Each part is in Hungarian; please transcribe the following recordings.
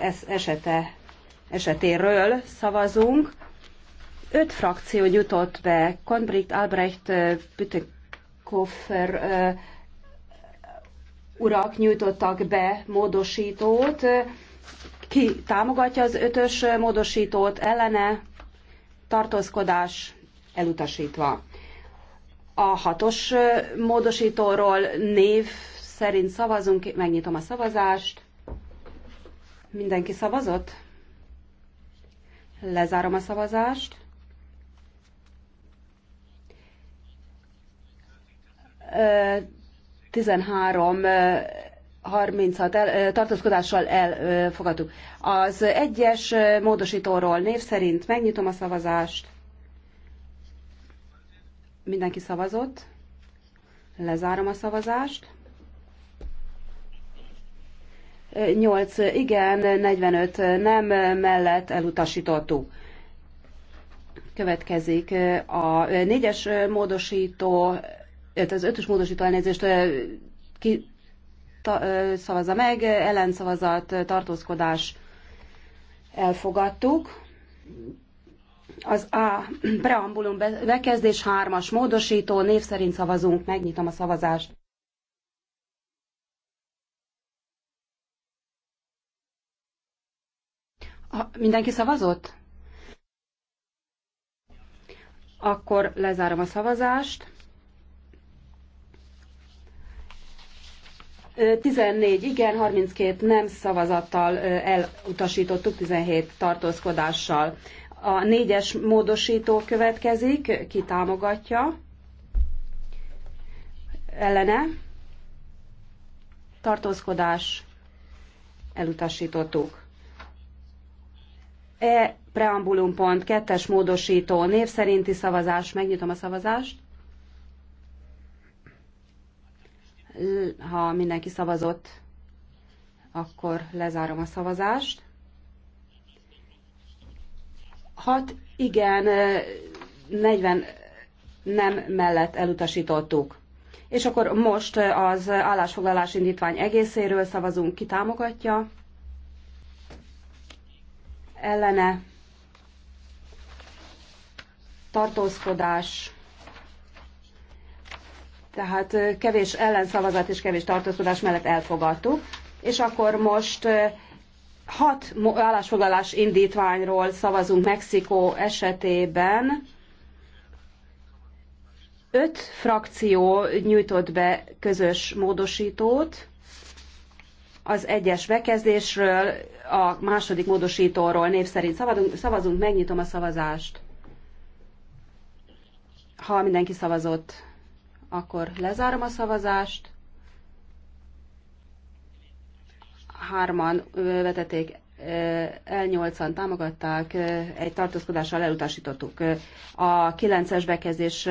ez esete, esetéről szavazunk. Öt frakció jutott be, Konbrikt, Albrecht, Bütekoffer urak nyújtottak be módosítót. Ki támogatja az ötös módosítót ellene? Tartózkodás elutasítva. A hatos módosítóról név szerint szavazunk, megnyitom a szavazást. Mindenki szavazott? Lezárom a szavazást. Ö, 13 36 el, tartózkodással elfogadtuk. Az egyes módosítóról név szerint megnyitom a szavazást. Mindenki szavazott. Lezárom a szavazást. 8 igen, 45 nem mellett elutasítottuk. Következik a négyes módosító, az ötös módosító elnézést ki ta, szavazza meg, ellenszavazat, tartózkodás elfogadtuk. Az A preambulum bekezdés 3-as módosító, név szerint szavazunk, megnyitom a szavazást. Ha mindenki szavazott? Akkor lezárom a szavazást. 14 igen, 32 nem szavazattal elutasítottuk, 17 tartózkodással. A négyes módosító következik, ki támogatja, ellene, tartózkodás, elutasítottuk. E preambulum pont, kettes módosító, név szerinti szavazás, megnyitom a szavazást. Ha mindenki szavazott, akkor lezárom a szavazást. Hat, igen, 40 e, nem mellett elutasítottuk. És akkor most az állásfoglalás indítvány egészéről szavazunk, ki támogatja ellene tartózkodás, tehát kevés ellenszavazat és kevés tartózkodás mellett elfogadtuk. És akkor most hat állásfoglalás indítványról szavazunk Mexikó esetében. Öt frakció nyújtott be közös módosítót az egyes bekezdésről, a második módosítóról név szerint szavazunk, szavazunk, megnyitom a szavazást. Ha mindenki szavazott, akkor lezárom a szavazást. Hárman vetették el 8 támogatták, egy tartózkodással elutasítottuk. A 9-es bekezdés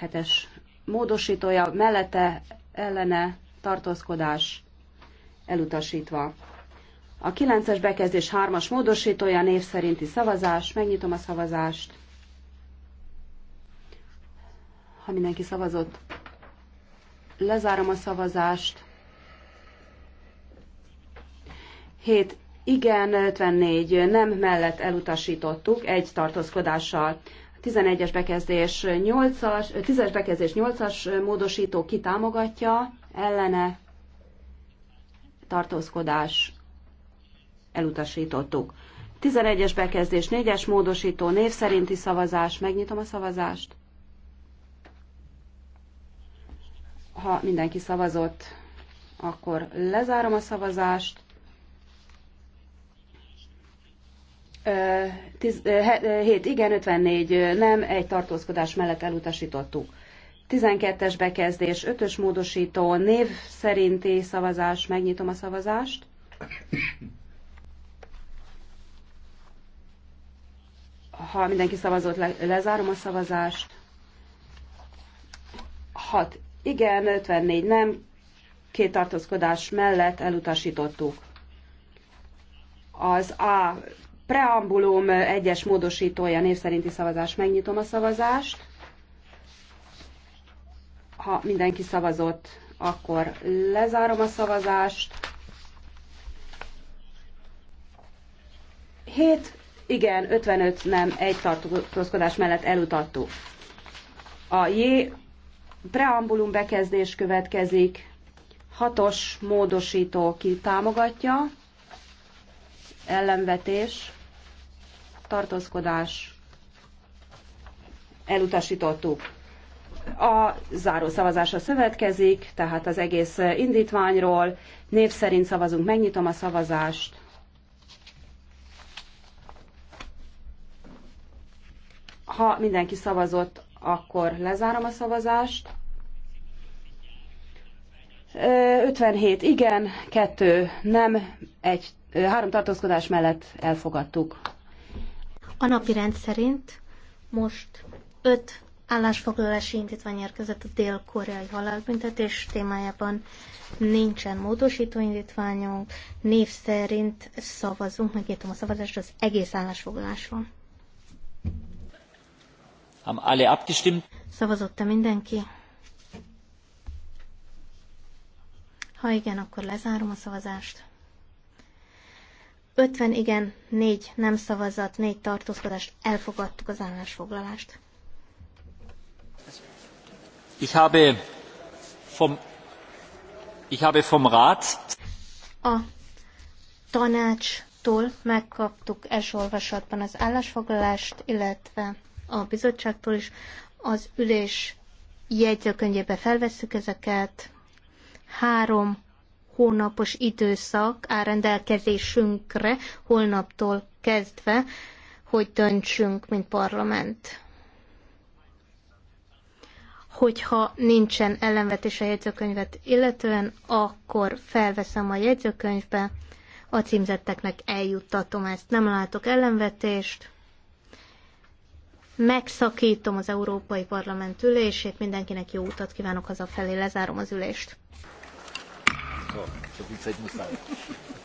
7-es módosítója mellette ellene tartózkodás elutasítva. A 9-es bekezdés 3-as módosítója név szerinti szavazás. Megnyitom a szavazást. Ha mindenki szavazott, lezárom a szavazást. 7 igen, 54 nem mellett elutasítottuk, egy tartózkodással. 11-es bekezdés 8-as, 10-es bekezdés 8-as módosító kitámogatja, ellene tartózkodás elutasítottuk. 11-es bekezdés, 4-es módosító, név szerinti szavazás, megnyitom a szavazást. Ha mindenki szavazott, akkor lezárom a szavazást. 7 igen, 54 nem, egy tartózkodás mellett elutasítottuk. 12-es bekezdés, 5-ös módosító, név szerinti szavazás, megnyitom a szavazást. Ha mindenki szavazott, le, lezárom a szavazást. 6 igen, 54 nem, két tartózkodás mellett elutasítottuk. Az A preambulum egyes módosítója név szerinti szavazás, megnyitom a szavazást. Ha mindenki szavazott, akkor lezárom a szavazást. Hét igen, 55 nem, egy tartózkodás mellett elutattuk. A J preambulum bekezdés következik, hatos módosító ki támogatja, ellenvetés, tartózkodás, elutasítottuk. A záró szavazásra szövetkezik, tehát az egész indítványról. Név szerint szavazunk, megnyitom a szavazást. Ha mindenki szavazott, akkor lezárom a szavazást. 57 igen, 2 nem, egy, három tartózkodás mellett elfogadtuk. A napi rend szerint most öt állásfoglalási indítvány érkezett a dél-koreai halálbüntetés témájában. Nincsen módosító indítványunk, név szerint szavazunk, megértem a szavazást az egész állásfoglalásról. Haben alle abgestimmt? Szavazott-e mindenki? Ha igen, akkor lezárom a szavazást. 50 igen, 4 nem szavazat, 4 tartózkodást, elfogadtuk az állásfoglalást. Ich habe vom, Rat a tanácstól megkaptuk első olvasatban az állásfoglalást, illetve a bizottságtól is az ülés jegyzőkönyvébe felvesszük ezeket. Három hónapos időszak áll rendelkezésünkre holnaptól kezdve, hogy döntsünk, mint parlament hogyha nincsen ellenvetés a jegyzőkönyvet illetően, akkor felveszem a jegyzőkönyvbe, a címzetteknek eljuttatom ezt. Nem látok ellenvetést. Megszakítom az Európai Parlament ülését, mindenkinek jó utat kívánok hazafelé, lezárom az ülést. So, so